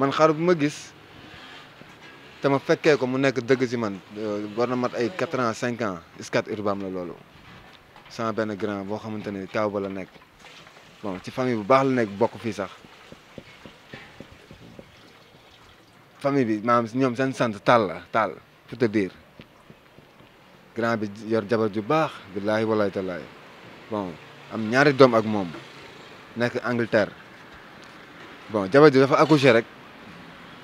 man xar bu ma gis te ma fekkee ko mu nekk dëgg si man euh, war na mat ay quatre ans cinq ans Scat Urbam la loolu sama benn grand boo xamante ne kaw ba la nekk bon ci famille bu baax la nekk bokk fii sax famille bi maam ñoom seen sant Tall la Tall pour te dire grand bi yor jabar ju baax billaahi walaay talaay bon am ñaari doom ak moom nekk Angleterre bon jabar ji dafa accouché rek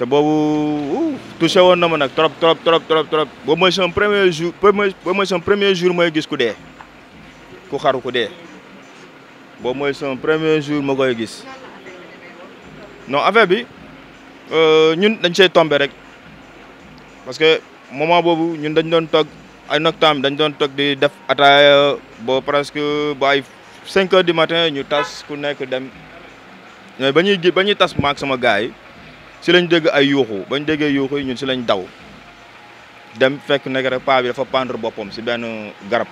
te bobu uh, tu woon na ma nak trop trop trop trop trop bo moy son premier jour bo moy son premier jour moy gis ku dee ku xaru ku dee bo moy son premier jour ma koy gis non affaire bi euh ñun dañ cey tomber rek parce que moment bobu ñun dañ don tok ay noctam dañ don tok di def ataaya bo presque ba 5h du matin ñu tas ku nekk dem mais bañuy bañuy ba ñuy tas maak sama gars si lañu dégg ay yuuxu bañ déggee yuuxu yi ñun si lañu daw dem fekk nekk rek paa dafa pendre boppam si benn garab.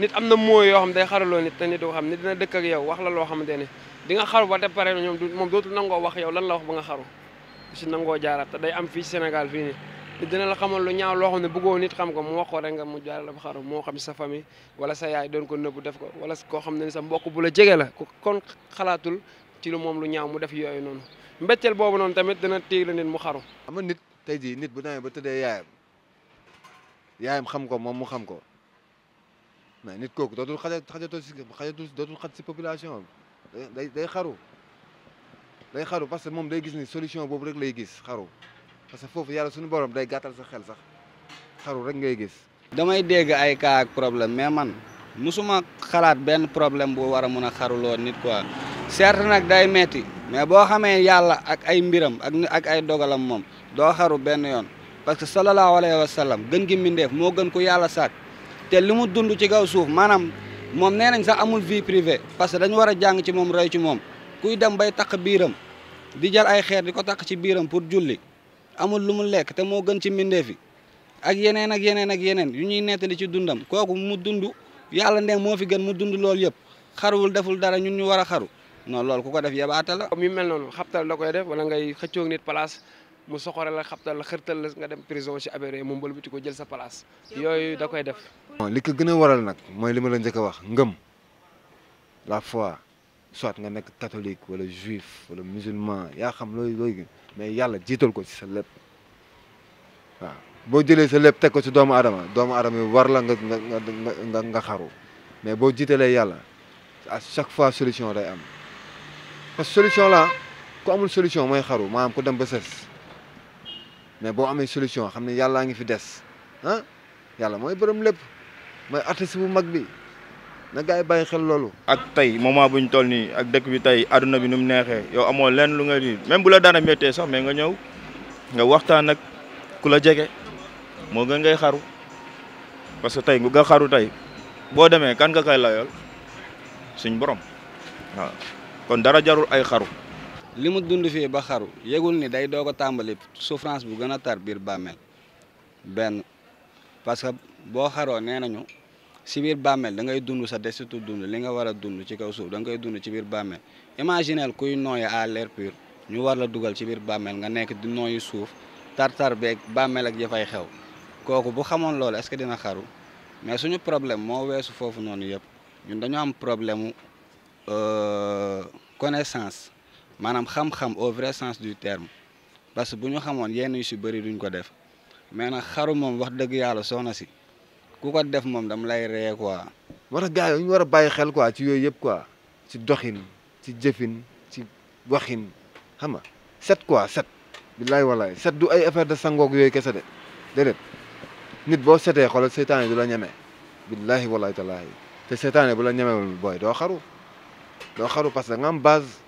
nit am na mooy yoo xam day xaraloo nit te nit xam ne dina dëkk ak yow wax la loo xamante ne di nga xaru ba te pare ñoom du moom nangoo wax yow lan la wax nga xaru si nangoo jaaraat day am fii Sénégal fii nii. nit dina xamal lu ñaaw loo xam ne bëggoo xam ko mu wax ko nga mu jaarale ba xaru moo xam sa famille wala sa yaay doon ko nëbbu def ko wala koo xam ne sa mbokk bu la jege la kon xalaatul ci lu moom lu ñaaw mu def yooyu noonu mbetteel boobu noonu tamit dina téye la nit mu xaru. xam nit tey jii nit bu demee ba tëddee yaayam yaayam xam ko moom mu xam ko mais nit kooku dootul xaja xajatoo si xajatoo dootul xaj si population am day day xaru day xaru parce que moom day gis ni solution boobu rek lay gis xaru parce que foofu yàlla suñu borom day gàttal sa xel sax xaru rek ngay gis. damay dégg ay cas ak problème mais man musuma xalaat benn problème bu war a mun a xaruloo nit quoi. certes nak day metti mais bo xamé yalla ak ay mbiram ak ak ay dogalam mom do xaru ben yon parce que sallalahu alayhi wa sallam gën gi mindeef mo gën ko yalla sak te limu dund ci gaw suuf manam mom nenañ amul vie privée parce que dañ wara jang ci mom roy ci mom kuy dem bay tak biiram di jël ay xéer diko tak ci biiram pour julli amul lumu lek té te gën ci mindeef yi ak yenen ak yenen ak yenen yu ñuy netali ci dundam koku mu dundu yalla ndem mo fi gën mu dundu lool yépp deful dara ñun ñu wara xaru non loolu ku ko def yebaate la. comme yu mel noonu xabtal la koy def wala ngay xëccoog nit place mu soxore la xabtal la xërtal la nga dem prison ci affaire yi mu mbëlbati ko jël sa place yooyu da koy def. li ko gën a waral nag mooy li ma la njëkk a wax ngëm la foi soit nga nekk catholique wala juif wala musulman yaa xam looy looy mais yàlla jiital ko ci sa lépp waaw boo jëlee sa lépp teg ko ci doomu aadama doomu aadama yi war la nga nga nga nga xaru mais boo jiitalee yàlla à chaque fois solution day am. parce solution la ko amul solution moy xaru manam ko dem ba sës mais bo amé solution xamné ne nga fi dess ah yalla moy borom lepp moy artiste bu mag bi na gay bay xel lolu ak tay moment bu toll ni ak dekk bi tay aduna bi num nexé yow amo lenn lu nga di même bu la dana metté sax mais nga ñew nga waxtaan ak ku la jege moo ngay xaru parce que tay nga xaru tay bo démé kan nga kay layol suñ borom waaw. kon dara jarul ay xaru li mu dund fii ba xaru yëgul ni day doog a tàmbali souffrance bu gën a tar biir bàmmeel benn parce que boo xaroo nee nañu si biir bàmmeel dangay dund sa desitu dund li nga war a dund ci kaw suuf da nga koy dund ci biir bàmmeel imaginel kuy nooye à l'air pur ñu war la dugal ci biir bàmmeel nga nekk di nooyu suuf tar-tar beeg bàmmeel ak jafay xew kooku bu xamoon lool est-ce que dina xaru mais suñu problème moo weesu foofu noonu yëpp ñun dañu mu euh, connaissance manam xam-xam au vrai sens du terme parce buñu xamone ñu yenn yu ci bari duñ ko def mais nag xaru mom wax deug yàlla soxna si ku ko def mom dam lay ree quoi. wara gaay ñu wara a bàyyi xel quoi ci yoy yeb quoi ci doxine ci jëfin ci waxine xama set quoi set. billahi wallahi set du ay affaire de sangok yoy kessa de dedet nit bo seté xoolal seytaane du la ñame billahi wallahi ta'ala te seytaane bu la ñame boy do xaru. לא אכלנו פסטה, גם בז